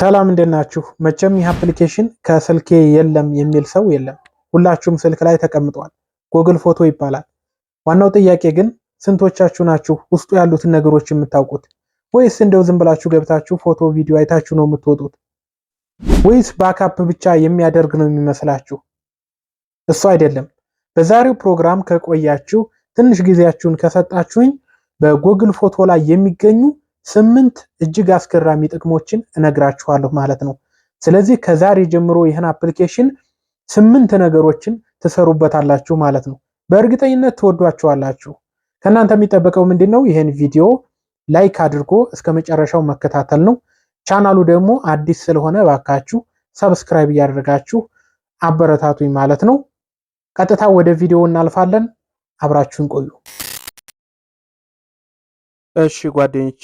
ሰላም እንደናችሁ። መቼም ይህ አፕሊኬሽን ከስልኬ የለም የሚል ሰው የለም። ሁላችሁም ስልክ ላይ ተቀምጧል። ጎግል ፎቶ ይባላል። ዋናው ጥያቄ ግን ስንቶቻችሁ ናችሁ ውስጡ ያሉትን ነገሮች የምታውቁት? ወይስ እንደው ዝም ብላችሁ ገብታችሁ ፎቶ፣ ቪዲዮ አይታችሁ ነው የምትወጡት? ወይስ ባካፕ ብቻ የሚያደርግ ነው የሚመስላችሁ? እሱ አይደለም። በዛሬው ፕሮግራም ከቆያችሁ ትንሽ ጊዜያችሁን ከሰጣችሁኝ በጎግል ፎቶ ላይ የሚገኙ ስምንት እጅግ አስገራሚ ጥቅሞችን እነግራችኋለሁ ማለት ነው። ስለዚህ ከዛሬ ጀምሮ ይህን አፕሊኬሽን ስምንት ነገሮችን ትሰሩበታላችሁ ማለት ነው። በእርግጠኝነት ትወዷቸዋላችሁ ከእናንተ የሚጠበቀው ምንድን ነው? ይህን ቪዲዮ ላይክ አድርጎ እስከ መጨረሻው መከታተል ነው። ቻናሉ ደግሞ አዲስ ስለሆነ ባካችሁ ሰብስክራይብ እያደረጋችሁ አበረታቱኝ ማለት ነው። ቀጥታ ወደ ቪዲዮ እናልፋለን። አብራችሁን ቆዩ። እሺ ጓደኞቼ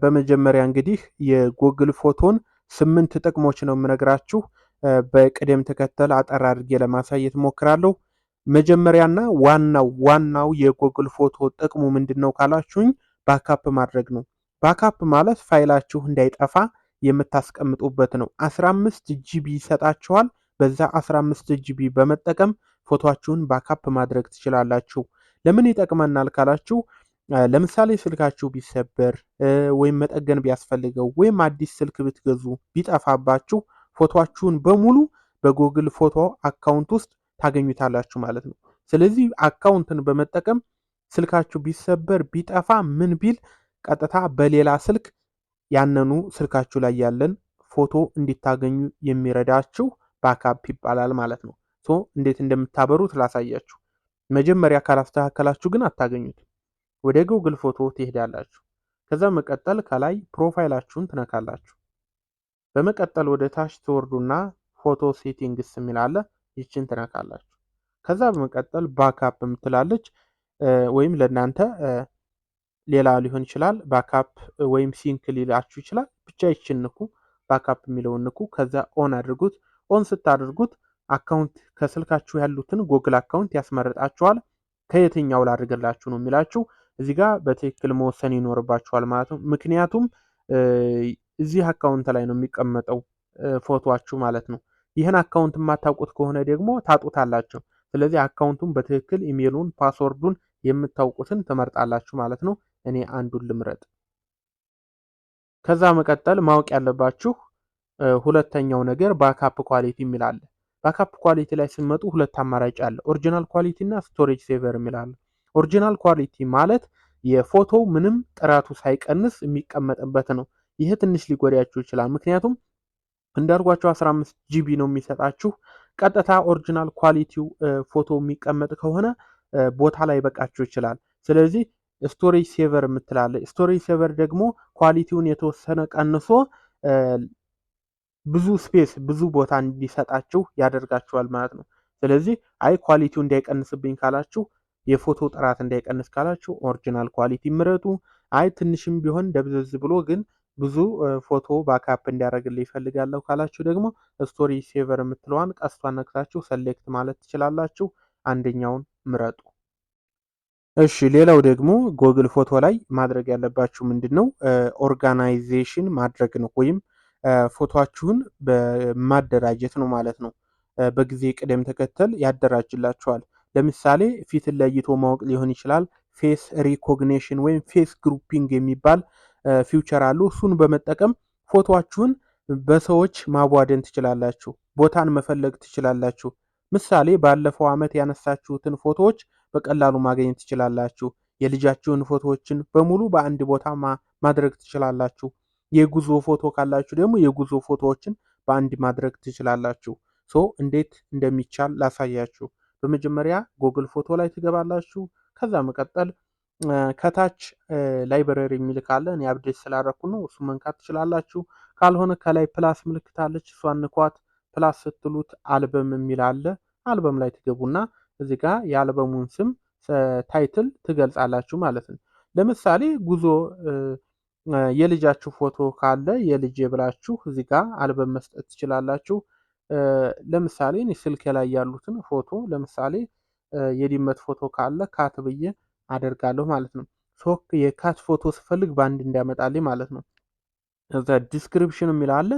በመጀመሪያ እንግዲህ የጉግል ፎቶን ስምንት ጥቅሞች ነው የምነግራችሁ። በቅደም ተከተል አጠር አድርጌ ለማሳየት ሞክራለሁ። መጀመሪያና ዋናው ዋናው የጉግል ፎቶ ጥቅሙ ምንድን ነው ካላችሁኝ ባካፕ ማድረግ ነው። ባካፕ ማለት ፋይላችሁ እንዳይጠፋ የምታስቀምጡበት ነው። 15 ጂቢ ይሰጣችኋል። በዛ 15 ጂቢ በመጠቀም ፎቶአችሁን ባካፕ ማድረግ ትችላላችሁ። ለምን ይጠቅመናል ካላችሁ ለምሳሌ ስልካችሁ ቢሰበር ወይም መጠገን ቢያስፈልገው ወይም አዲስ ስልክ ብትገዙ ቢጠፋባችሁ ፎቶችሁን በሙሉ በጉግል ፎቶ አካውንት ውስጥ ታገኙታላችሁ ማለት ነው። ስለዚህ አካውንትን በመጠቀም ስልካችሁ ቢሰበር ቢጠፋ ምን ቢል ቀጥታ በሌላ ስልክ ያነኑ ስልካችሁ ላይ ያለን ፎቶ እንዲታገኙ የሚረዳችሁ ባካፕ ይባላል ማለት ነው። ሶ እንዴት እንደምታበሩት ላሳያችሁ። መጀመሪያ ካላስተካከላችሁ ግን አታገኙት። ወደ ጉግል ፎቶ ትሄዳላችሁ። ከዛ መቀጠል ከላይ ፕሮፋይላችሁን ትነካላችሁ። በመቀጠል ወደ ታች ትወርዱና ፎቶ ሴቲንግስ የሚላለ ይችን ትነካላችሁ። ከዛ በመቀጠል ባካፕ የምትላለች ወይም ለእናንተ ሌላ ሊሆን ይችላል። ባካፕ ወይም ሲንክ ሊላችሁ ይችላል። ብቻ ይችን ንኩ፣ ባካፕ የሚለውን ንኩ። ከዛ ኦን አድርጉት። ኦን ስታደርጉት አካውንት ከስልካችሁ ያሉትን ጎግል አካውንት ያስመረጣችኋል። ከየትኛው ላድርግላችሁ ነው የሚላችሁ እዚህ ጋር በትክክል መወሰን ይኖርባችኋል ማለት ነው። ምክንያቱም እዚህ አካውንት ላይ ነው የሚቀመጠው ፎቶችሁ ማለት ነው። ይህን አካውንት የማታውቁት ከሆነ ደግሞ ታጡታላችሁ። ስለዚህ አካውንቱን በትክክል ኢሜሉን፣ ፓስወርዱን የምታውቁትን ትመርጣላችሁ ማለት ነው። እኔ አንዱን ልምረጥ። ከዛ መቀጠል ማወቅ ያለባችሁ ሁለተኛው ነገር ባካፕ ኳሊቲ የሚል አለ። ባካፕ ኳሊቲ ላይ ስትመጡ ሁለት አማራጭ አለ። ኦሪጂናል ኳሊቲ እና ስቶሬጅ ሴቨር የሚላለ ኦሪጂናል ኳሊቲ ማለት የፎቶው ምንም ጥራቱ ሳይቀንስ የሚቀመጥበት ነው። ይህ ትንሽ ሊጎዳያችሁ ይችላል። ምክንያቱም እንዳልኳችሁ 15 ጂቢ ነው የሚሰጣችሁ። ቀጥታ ኦሪጂናል ኳሊቲው ፎቶ የሚቀመጥ ከሆነ ቦታ ላይ በቃችሁ ይችላል። ስለዚህ ስቶሬጅ ሴቨር የምትላለ ስቶሬጅ ሴቨር ደግሞ ኳሊቲውን የተወሰነ ቀንሶ ብዙ ስፔስ ብዙ ቦታ እንዲሰጣችሁ ያደርጋችኋል ማለት ነው። ስለዚህ አይ ኳሊቲው እንዳይቀንስብኝ ካላችሁ የፎቶ ጥራት እንዳይቀንስ ካላችሁ ኦሪጂናል ኳሊቲ ምረጡ። አይ ትንሽም ቢሆን ደብዘዝ ብሎ ግን ብዙ ፎቶ ባካፕ እንዲያደርግልኝ ይፈልጋለሁ ካላችሁ ደግሞ ስቶሪ ሴቨር የምትለዋን ቀስቷን ነክታችሁ ሰሌክት ማለት ትችላላችሁ። አንደኛውን ምረጡ። እሺ፣ ሌላው ደግሞ ጎግል ፎቶ ላይ ማድረግ ያለባችሁ ምንድን ነው ኦርጋናይዜሽን ማድረግ ነው፣ ወይም ፎቶችሁን በማደራጀት ነው ማለት ነው። በጊዜ ቅደም ተከተል ያደራጅላችኋል። ለምሳሌ ፊትን ለይቶ ማወቅ ሊሆን ይችላል። ፌስ ሪኮግኒሽን ወይም ፌስ ግሩፒንግ የሚባል ፊውቸር አሉ። እሱን በመጠቀም ፎቶችሁን በሰዎች ማቧደን ትችላላችሁ። ቦታን መፈለግ ትችላላችሁ። ምሳሌ ባለፈው ዓመት ያነሳችሁትን ፎቶዎች በቀላሉ ማግኘት ትችላላችሁ። የልጃችሁን ፎቶዎችን በሙሉ በአንድ ቦታ ማድረግ ትችላላችሁ። የጉዞ ፎቶ ካላችሁ ደግሞ የጉዞ ፎቶዎችን በአንድ ማድረግ ትችላላችሁ። ሶ እንዴት እንደሚቻል ላሳያችሁ። በመጀመሪያ ጎግል ፎቶ ላይ ትገባላችሁ። ከዛ መቀጠል ከታች ላይብረሪ የሚል ካለ እኔ አብዴት ስላረኩ ነው፣ እሱ መንካት ትችላላችሁ። ካልሆነ ከላይ ፕላስ ምልክት አለች፣ እሷን ንኳት። ፕላስ ስትሉት አልበም የሚል አለ። አልበም ላይ ትገቡና እዚህ ጋ የአልበሙን ስም ታይትል ትገልጻላችሁ ማለት ነው። ለምሳሌ ጉዞ የልጃችሁ ፎቶ ካለ የልጅ ብላችሁ እዚህ ጋ አልበም መስጠት ትችላላችሁ። ለምሳሌ እኔ ስልኬ ላይ ያሉትን ፎቶ ለምሳሌ የድመት ፎቶ ካለ ካት ብዬ አደርጋለሁ ማለት ነው። ሶክ የካት ፎቶ ስፈልግ በአንድ እንዲያመጣልኝ ማለት ነው። ከዛ ዲስክሪፕሽን የሚላለ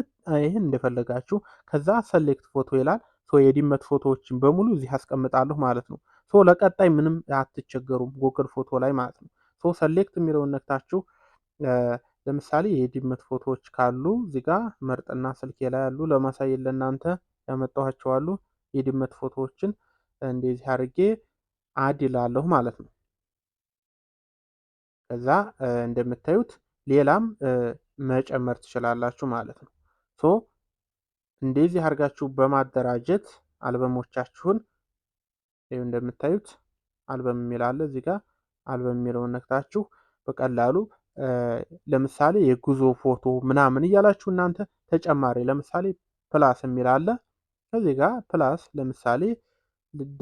ይህን እንደፈለጋችሁ ከዛ ሰሌክት ፎቶ ይላል። ሶ የድመት ፎቶዎችን በሙሉ እዚህ አስቀምጣለሁ ማለት ነው። ሶ ለቀጣይ ምንም አትቸገሩም ጎግል ፎቶ ላይ ማለት ነው። ሶ ሰሌክት የሚለውን ነክታችሁ ለምሳሌ የድመት ፎቶዎች ካሉ እዚጋ መርጥና ስልኬ ላይ ያሉ ለማሳየት ለእናንተ ያመጣኋቸው አሉ። የድመት ፎቶዎችን እንደዚህ አድርጌ አድ ይላለሁ ማለት ነው። ከዛ እንደምታዩት ሌላም መጨመር ትችላላችሁ ማለት ነው። ሶ እንደዚህ አድርጋችሁ በማደራጀት አልበሞቻችሁን ይኸው እንደምታዩት አልበም የሚል አለ እዚህ ጋር አልበም የሚለውን ነክታችሁ በቀላሉ ለምሳሌ የጉዞ ፎቶ ምናምን እያላችሁ እናንተ ተጨማሪ ለምሳሌ ፕላስ የሚል አለ። ከዚህ ጋር ፕላስ ለምሳሌ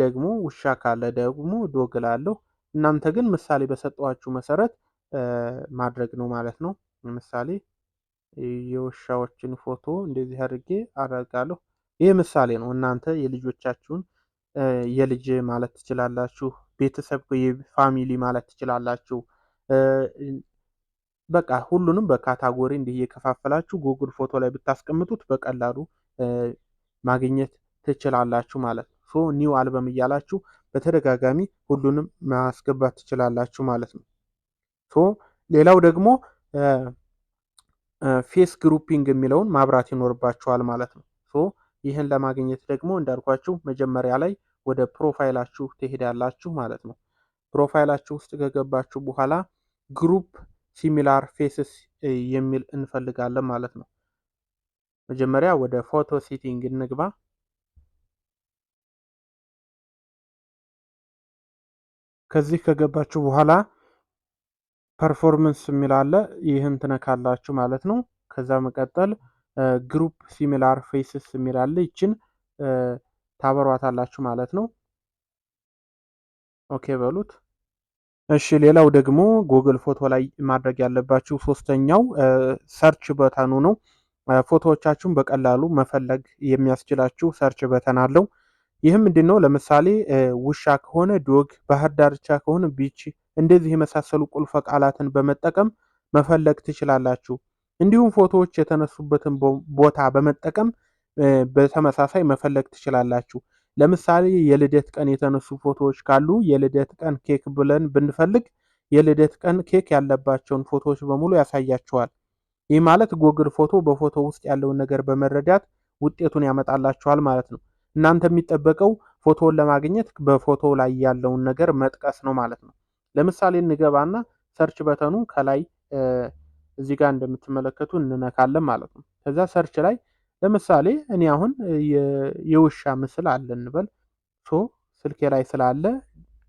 ደግሞ ውሻ ካለ ደግሞ ዶግ እላለሁ። እናንተ ግን ምሳሌ በሰጠኋችሁ መሰረት ማድረግ ነው ማለት ነው። ለምሳሌ የውሻዎችን ፎቶ እንደዚህ አድርጌ አደርጋለሁ። ይህ ምሳሌ ነው። እናንተ የልጆቻችሁን የልጅ ማለት ትችላላችሁ። ቤተሰብ ፋሚሊ ማለት ትችላላችሁ። በቃ ሁሉንም በካታጎሪ እንዲህ እየከፋፈላችሁ ጉግል ፎቶ ላይ ብታስቀምጡት በቀላሉ ማግኘት ትችላላችሁ ማለት ነው። ሶ ኒው አልበም እያላችሁ በተደጋጋሚ ሁሉንም ማስገባት ትችላላችሁ ማለት ነው። ሶ ሌላው ደግሞ ፌስ ግሩፒንግ የሚለውን ማብራት ይኖርባችኋል ማለት ነው። ሶ ይህን ለማግኘት ደግሞ እንዳልኳችሁ መጀመሪያ ላይ ወደ ፕሮፋይላችሁ ትሄዳላችሁ ማለት ነው። ፕሮፋይላችሁ ውስጥ ከገባችሁ በኋላ ግሩፕ ሲሚላር ፌስስ eh, የሚል እንፈልጋለን ማለት ነው። መጀመሪያ ወደ ፎቶ ሴቲንግ እንግባ። ከዚህ ከገባችሁ በኋላ ፐርፎርመንስ የሚል አለ። ይህን ትነካላችሁ ማለት ነው። ከዛ መቀጠል ግሩፕ ሲሚላር ፌስስ የሚል አለ። ይችን ታበሯታላችሁ ማለት ነው። ኦኬ በሉት። እሺ ሌላው ደግሞ ጉግል ፎቶ ላይ ማድረግ ያለባችሁ ሶስተኛው ሰርች በተኑ ነው። ፎቶዎቻችሁን በቀላሉ መፈለግ የሚያስችላችሁ ሰርች በተን አለው። ይህም ምንድን ነው? ለምሳሌ ውሻ ከሆነ ዶግ፣ ባህር ዳርቻ ከሆነ ቢች፣ እንደዚህ የመሳሰሉ ቁልፈ ቃላትን በመጠቀም መፈለግ ትችላላችሁ። እንዲሁም ፎቶዎች የተነሱበትን ቦታ በመጠቀም በተመሳሳይ መፈለግ ትችላላችሁ። ለምሳሌ የልደት ቀን የተነሱ ፎቶዎች ካሉ የልደት ቀን ኬክ ብለን ብንፈልግ የልደት ቀን ኬክ ያለባቸውን ፎቶዎች በሙሉ ያሳያቸዋል። ይህ ማለት ጎግል ፎቶ በፎቶ ውስጥ ያለውን ነገር በመረዳት ውጤቱን ያመጣላቸዋል ማለት ነው። እናንተ የሚጠበቀው ፎቶውን ለማግኘት በፎቶ ላይ ያለውን ነገር መጥቀስ ነው ማለት ነው። ለምሳሌ እንገባና ሰርች በተኑ ከላይ እዚህ ጋር እንደምትመለከቱ እንነካለን ማለት ነው። ከዛ ሰርች ላይ ለምሳሌ እኔ አሁን የውሻ ምስል አለ እንበል። ሶ ስልኬ ላይ ስላለ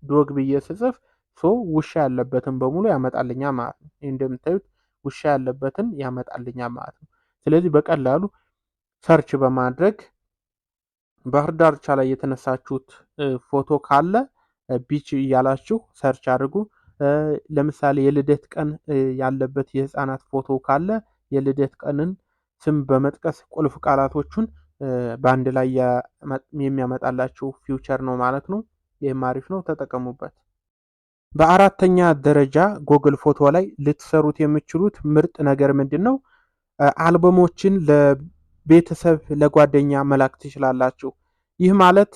ዶግ ብዬ ስጽፍ ሶ ውሻ ያለበትን በሙሉ ያመጣልኛ ማለት ነው። ይህ እንደምታዩት ውሻ ያለበትን ያመጣልኛ ማለት ነው። ስለዚህ በቀላሉ ሰርች በማድረግ ባህር ዳርቻ ላይ የተነሳችሁት ፎቶ ካለ ቢች እያላችሁ ሰርች አድርጉ። ለምሳሌ የልደት ቀን ያለበት የህፃናት ፎቶ ካለ የልደት ቀንን ስም በመጥቀስ ቁልፍ ቃላቶቹን በአንድ ላይ የሚያመጣላችሁ ፊውቸር ነው ማለት ነው። ይህም አሪፍ ነው፣ ተጠቀሙበት። በአራተኛ ደረጃ ጎግል ፎቶ ላይ ልትሰሩት የምችሉት ምርጥ ነገር ምንድን ነው? አልበሞችን ለቤተሰብ ለጓደኛ መላክ ትችላላችሁ። ይህ ማለት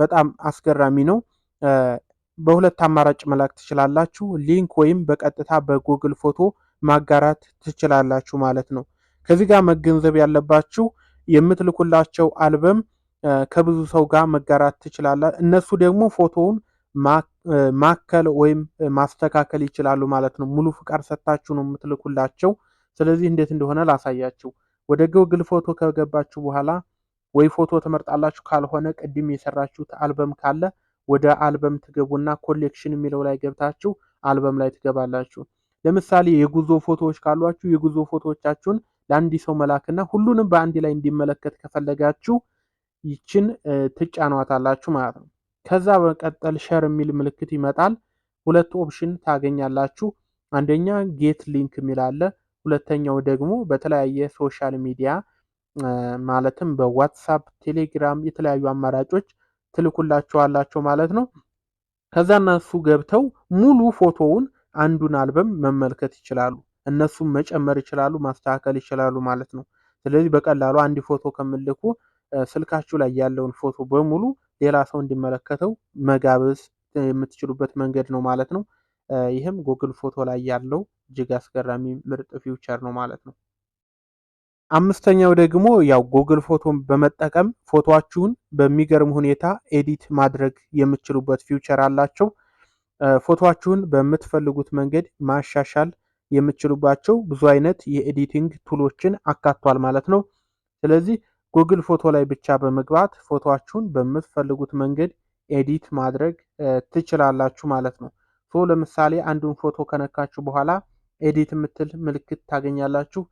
በጣም አስገራሚ ነው። በሁለት አማራጭ መላክ ትችላላችሁ። ሊንክ ወይም በቀጥታ በጉግል ፎቶ ማጋራት ትችላላችሁ ማለት ነው። ከዚህ ጋር መገንዘብ ያለባችሁ የምትልኩላቸው አልበም ከብዙ ሰው ጋር መጋራት ትችላለ። እነሱ ደግሞ ፎቶውን ማከል ወይም ማስተካከል ይችላሉ ማለት ነው። ሙሉ ፍቃድ ሰጥታችሁ ነው የምትልኩላቸው። ስለዚህ እንዴት እንደሆነ ላሳያችሁ። ወደ ጎግል ፎቶ ከገባችሁ በኋላ ወይ ፎቶ ትመርጣላችሁ፣ ካልሆነ ቅድም የሰራችሁት አልበም ካለ ወደ አልበም ትገቡና ኮሌክሽን የሚለው ላይ ገብታችሁ አልበም ላይ ትገባላችሁ። ለምሳሌ የጉዞ ፎቶዎች ካሏችሁ የጉዞ ፎቶዎቻችሁን ለአንድ ሰው መላክና ሁሉንም በአንድ ላይ እንዲመለከት ከፈለጋችሁ ይችን ትጫኗታላችሁ ማለት ነው። ከዛ በቀጠል ሸር የሚል ምልክት ይመጣል። ሁለት ኦፕሽን ታገኛላችሁ። አንደኛ ጌት ሊንክ የሚል አለ። ሁለተኛው ደግሞ በተለያየ ሶሻል ሚዲያ ማለትም በዋትሳፕ፣ ቴሌግራም የተለያዩ አማራጮች ትልኩላችኋላቸው ማለት ነው። ከዛ እነሱ ገብተው ሙሉ ፎቶውን አንዱን አልበም መመልከት ይችላሉ። እነሱም መጨመር ይችላሉ፣ ማስተካከል ይችላሉ ማለት ነው። ስለዚህ በቀላሉ አንድ ፎቶ ከምልኩ ስልካችሁ ላይ ያለውን ፎቶ በሙሉ ሌላ ሰው እንዲመለከተው መጋበዝ የምትችሉበት መንገድ ነው ማለት ነው። ይህም ጉግል ፎቶ ላይ ያለው እጅግ አስገራሚ ምርጥ ፊውቸር ነው ማለት ነው። አምስተኛው ደግሞ ያው ጉግል ፎቶን በመጠቀም ፎቶአችሁን በሚገርም ሁኔታ ኤዲት ማድረግ የምትችሉበት ፊውቸር አላቸው። ፎቶአችሁን በምትፈልጉት መንገድ ማሻሻል የምትችሉባቸው ብዙ አይነት የኤዲቲንግ ቱሎችን አካቷል ማለት ነው። ስለዚህ ጉግል ፎቶ ላይ ብቻ በመግባት ፎቶችሁን በምትፈልጉት መንገድ ኤዲት ማድረግ ትችላላችሁ ማለት ነው። ሶ ለምሳሌ አንዱን ፎቶ ከነካችሁ በኋላ ኤዲት የምትል ምልክት ታገኛላችሁ።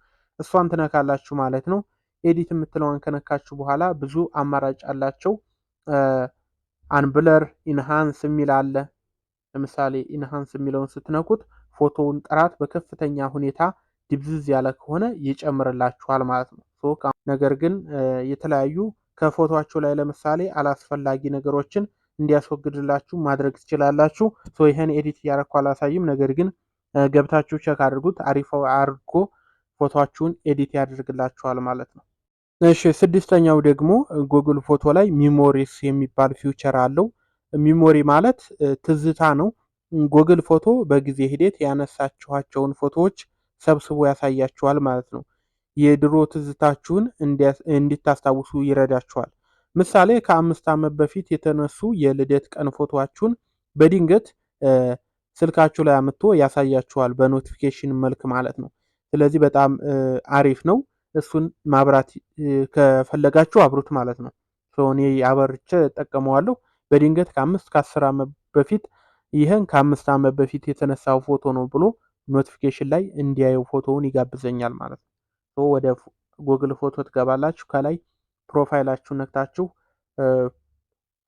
እሷን ትነካላችሁ ማለት ነው። ኤዲት የምትለዋን ከነካችሁ በኋላ ብዙ አማራጭ አላቸው። አንብለር ኢንሃንስ የሚል አለ። ለምሳሌ ኢንሃንስ የሚለውን ስትነኩት ፎቶውን ጥራት በከፍተኛ ሁኔታ ድብዝዝ ያለ ከሆነ ይጨምርላችኋል ማለት ነው። ነገር ግን የተለያዩ ከፎቶቸው ላይ ለምሳሌ አላስፈላጊ ነገሮችን እንዲያስወግድላችሁ ማድረግ ትችላላችሁ። ይህን ኤዲት እያረኩ አላሳይም፣ ነገር ግን ገብታችሁ ቸክ አድርጉት። አሪፍ አድርጎ ፎቶችሁን ኤዲት ያደርግላችኋል ማለት ነው። እሺ ስድስተኛው ደግሞ ጉግል ፎቶ ላይ ሚሞሪስ የሚባል ፊውቸር አለው። ሚሞሪ ማለት ትዝታ ነው። ጎግል ፎቶ በጊዜ ሂደት ያነሳችኋቸውን ፎቶዎች ሰብስቦ ያሳያችኋል ማለት ነው። የድሮ ትዝታችሁን እንዲታስታውሱ ይረዳችኋል። ምሳሌ ከአምስት ዓመት በፊት የተነሱ የልደት ቀን ፎቶችሁን በድንገት ስልካችሁ ላይ አምጥቶ ያሳያችኋል፣ በኖቲፊኬሽን መልክ ማለት ነው። ስለዚህ በጣም አሪፍ ነው። እሱን ማብራት ከፈለጋችሁ አብሩት ማለት ነው። እኔ አበርቼ ጠቀመዋለሁ። በድንገት ከአምስት ከአስር ዓመት በፊት ይህን ከአምስት ዓመት በፊት የተነሳው ፎቶ ነው ብሎ ኖቲፊኬሽን ላይ እንዲያየው ፎቶውን ይጋብዘኛል ማለት ነው። ወደ ጉግል ፎቶ ትገባላችሁ። ከላይ ፕሮፋይላችሁ ነክታችሁ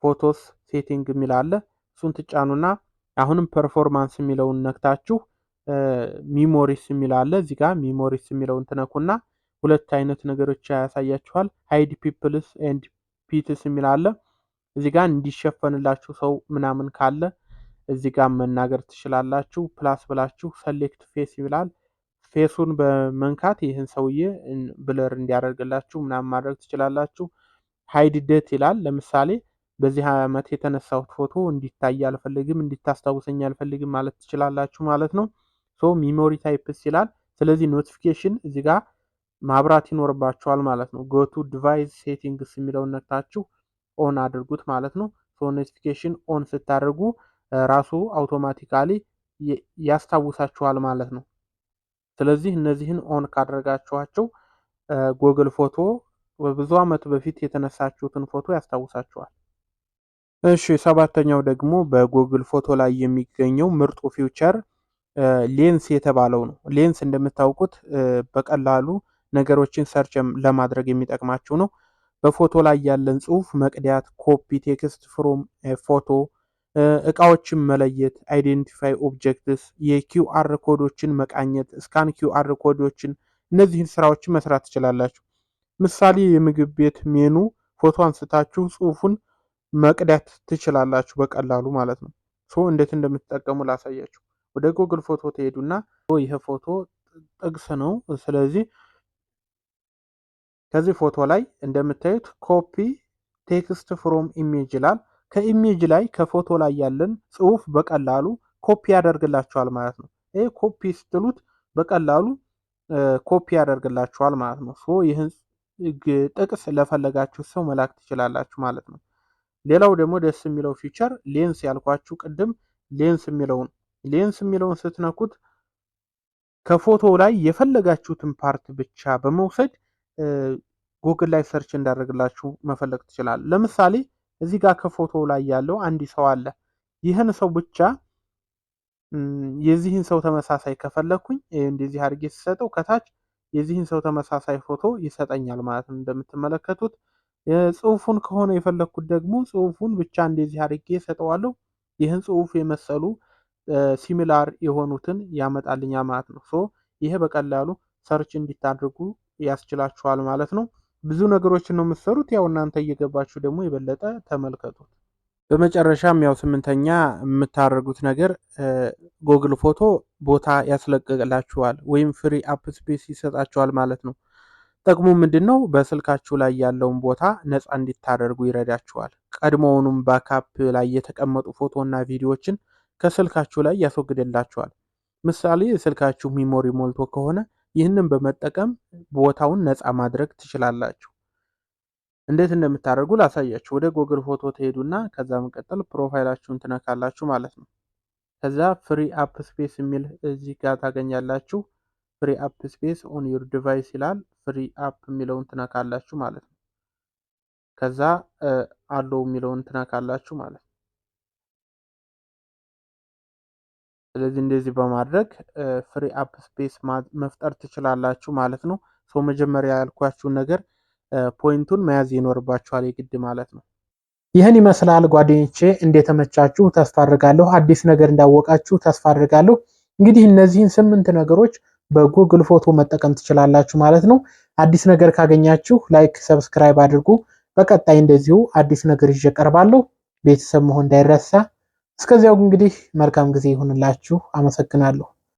ፎቶስ ሴቲንግ የሚል አለ። እሱን ትጫኑና አሁንም ፐርፎርማንስ የሚለውን ነክታችሁ ሚሞሪስ የሚል አለ። እዚህ ጋር ሚሞሪስ የሚለውን ትነኩና ሁለት አይነት ነገሮች ያሳያችኋል። ሃይድ ፒፕልስ ኤንድ ፒትስ የሚል አለ። እዚህ ጋር እንዲሸፈንላችሁ ሰው ምናምን ካለ እዚህ ጋር መናገር ትችላላችሁ። ፕላስ ብላችሁ ሰሌክት ፌስ ይላል። ፌሱን በመንካት ይህን ሰውዬ ብለር እንዲያደርግላችሁ ምናምን ማድረግ ትችላላችሁ። ሃይድ ዴት ይላል። ለምሳሌ በዚህ ዓመት የተነሳሁት ፎቶ እንዲታይ አልፈልግም፣ እንዲታስታውሰኝ አልፈልግም ማለት ትችላላችሁ ማለት ነው። ሶ ሚሞሪ ታይፕስ ይላል። ስለዚህ ኖቲፊኬሽን እዚህ ጋር ማብራት ይኖርባችኋል ማለት ነው። ጎቱ ዲቫይስ ሴቲንግስ የሚለውን ነክታችሁ ኦን አድርጉት ማለት ነው። ሶ ኖቲፊኬሽን ኦን ስታደርጉ ራሱ አውቶማቲካሊ ያስታውሳችኋል ማለት ነው። ስለዚህ እነዚህን ኦን ካደረጋችኋቸው ጎግል ፎቶ በብዙ ዓመት በፊት የተነሳችሁትን ፎቶ ያስታውሳችኋል። እሺ ሰባተኛው ደግሞ በጎግል ፎቶ ላይ የሚገኘው ምርጡ ፊውቸር ሌንስ የተባለው ነው። ሌንስ እንደምታውቁት በቀላሉ ነገሮችን ሰርች ለማድረግ የሚጠቅማችሁ ነው። በፎቶ ላይ ያለን ጽሁፍ መቅዳት፣ ኮፒ ቴክስት ፍሮም ፎቶ እቃዎችን መለየት አይዴንቲፋይ ኦብጀክትስ፣ የኪውአር ኮዶችን መቃኘት፣ ስካን ኪውአር ኮዶችን እነዚህን ስራዎችን መስራት ትችላላችሁ። ምሳሌ የምግብ ቤት ሜኑ ፎቶ አንስታችሁ ጽሁፉን መቅዳት ትችላላችሁ በቀላሉ ማለት ነው። ሶ እንዴት እንደምትጠቀሙ ላሳያችሁ። ወደ ጉግል ፎቶ ትሄዱና ይህ ፎቶ ጥቅስ ነው። ስለዚህ ከዚህ ፎቶ ላይ እንደምታዩት ኮፒ ቴክስት ፍሮም ኢሜጅ ይላል። ከኢሜጅ ላይ ከፎቶ ላይ ያለን ጽሁፍ በቀላሉ ኮፒ ያደርግላችኋል ማለት ነው። ይሄ ኮፒ ስትሉት በቀላሉ ኮፒ ያደርግላችኋል ማለት ነው። ሶ ይህን ጥቅስ ለፈለጋችሁ ሰው መላክ ትችላላችሁ ማለት ነው። ሌላው ደግሞ ደስ የሚለው ፊቸር ሌንስ ያልኳችሁ ቅድም ሌንስ የሚለውን ሌንስ የሚለውን ስትነኩት ከፎቶ ላይ የፈለጋችሁትን ፓርት ብቻ በመውሰድ ጉግል ላይ ሰርች እንዳደርግላችሁ መፈለግ ትችላል። ለምሳሌ እዚህ ጋር ከፎቶው ላይ ያለው አንድ ሰው አለ። ይህን ሰው ብቻ የዚህን ሰው ተመሳሳይ ከፈለኩኝ እንደዚህ አድርጌ ሲሰጠው ከታች የዚህን ሰው ተመሳሳይ ፎቶ ይሰጠኛል ማለት ነው። እንደምትመለከቱት ጽሁፉን ከሆነ የፈለኩት ደግሞ ጽሁፉን ብቻ እንደዚህ አድርጌ ይሰጠዋለሁ። ይህን ጽሁፍ የመሰሉ ሲሚላር የሆኑትን ያመጣልኛ ማለት ነው። ሶ ይሄ በቀላሉ ሰርች እንዲታደርጉ ያስችላችኋል ማለት ነው። ብዙ ነገሮችን ነው የምትሰሩት። ያው እናንተ እየገባችሁ ደግሞ የበለጠ ተመልከቱት። በመጨረሻም ያው ስምንተኛ የምታደርጉት ነገር ጎግል ፎቶ ቦታ ያስለቅቅላችኋል ወይም ፍሪ አፕ ስፔስ ይሰጣችኋል ማለት ነው። ጥቅሙ ምንድን ነው? በስልካችሁ ላይ ያለውን ቦታ ነፃ እንዲታደርጉ ይረዳችኋል። ቀድሞውኑም ባካፕ ላይ የተቀመጡ ፎቶ እና ቪዲዮዎችን ከስልካችሁ ላይ ያስወግድላችኋል። ምሳሌ ስልካችሁ ሚሞሪ ሞልቶ ከሆነ ይህንን በመጠቀም ቦታውን ነፃ ማድረግ ትችላላችሁ። እንዴት እንደምታደርጉ ላሳያችሁ። ወደ ጎግል ፎቶ ትሄዱና ከዛ መቀጠል ፕሮፋይላችሁን ትነካላችሁ ማለት ነው። ከዛ ፍሪ አፕ ስፔስ የሚል እዚህ ጋር ታገኛላችሁ። ፍሪ አፕ ስፔስ ኦን ዩር ዲቫይስ ይላል። ፍሪ አፕ የሚለውን ትነካላችሁ ማለት ነው። ከዛ አለው የሚለውን ትነካላችሁ ማለት ነው። ስለዚህ እንደዚህ በማድረግ ፍሪ አፕ ስፔስ መፍጠር ትችላላችሁ ማለት ነው። ሰው መጀመሪያ ያልኳችሁን ነገር ፖይንቱን መያዝ ይኖርባችኋል የግድ ማለት ነው። ይህን ይመስላል ጓደኞቼ፣ እንደተመቻችሁ ተስፋ አድርጋለሁ። አዲስ ነገር እንዳወቃችሁ ተስፋ አድርጋለሁ። እንግዲህ እነዚህን ስምንት ነገሮች በጉግል ፎቶ መጠቀም ትችላላችሁ ማለት ነው። አዲስ ነገር ካገኛችሁ ላይክ፣ ሰብስክራይብ አድርጉ። በቀጣይ እንደዚሁ አዲስ ነገር ይዤ ቀርባለሁ። ቤተሰብ መሆን እንዳይረሳ እስከዚያው እንግዲህ መልካም ጊዜ ይሁንላችሁ። አመሰግናለሁ።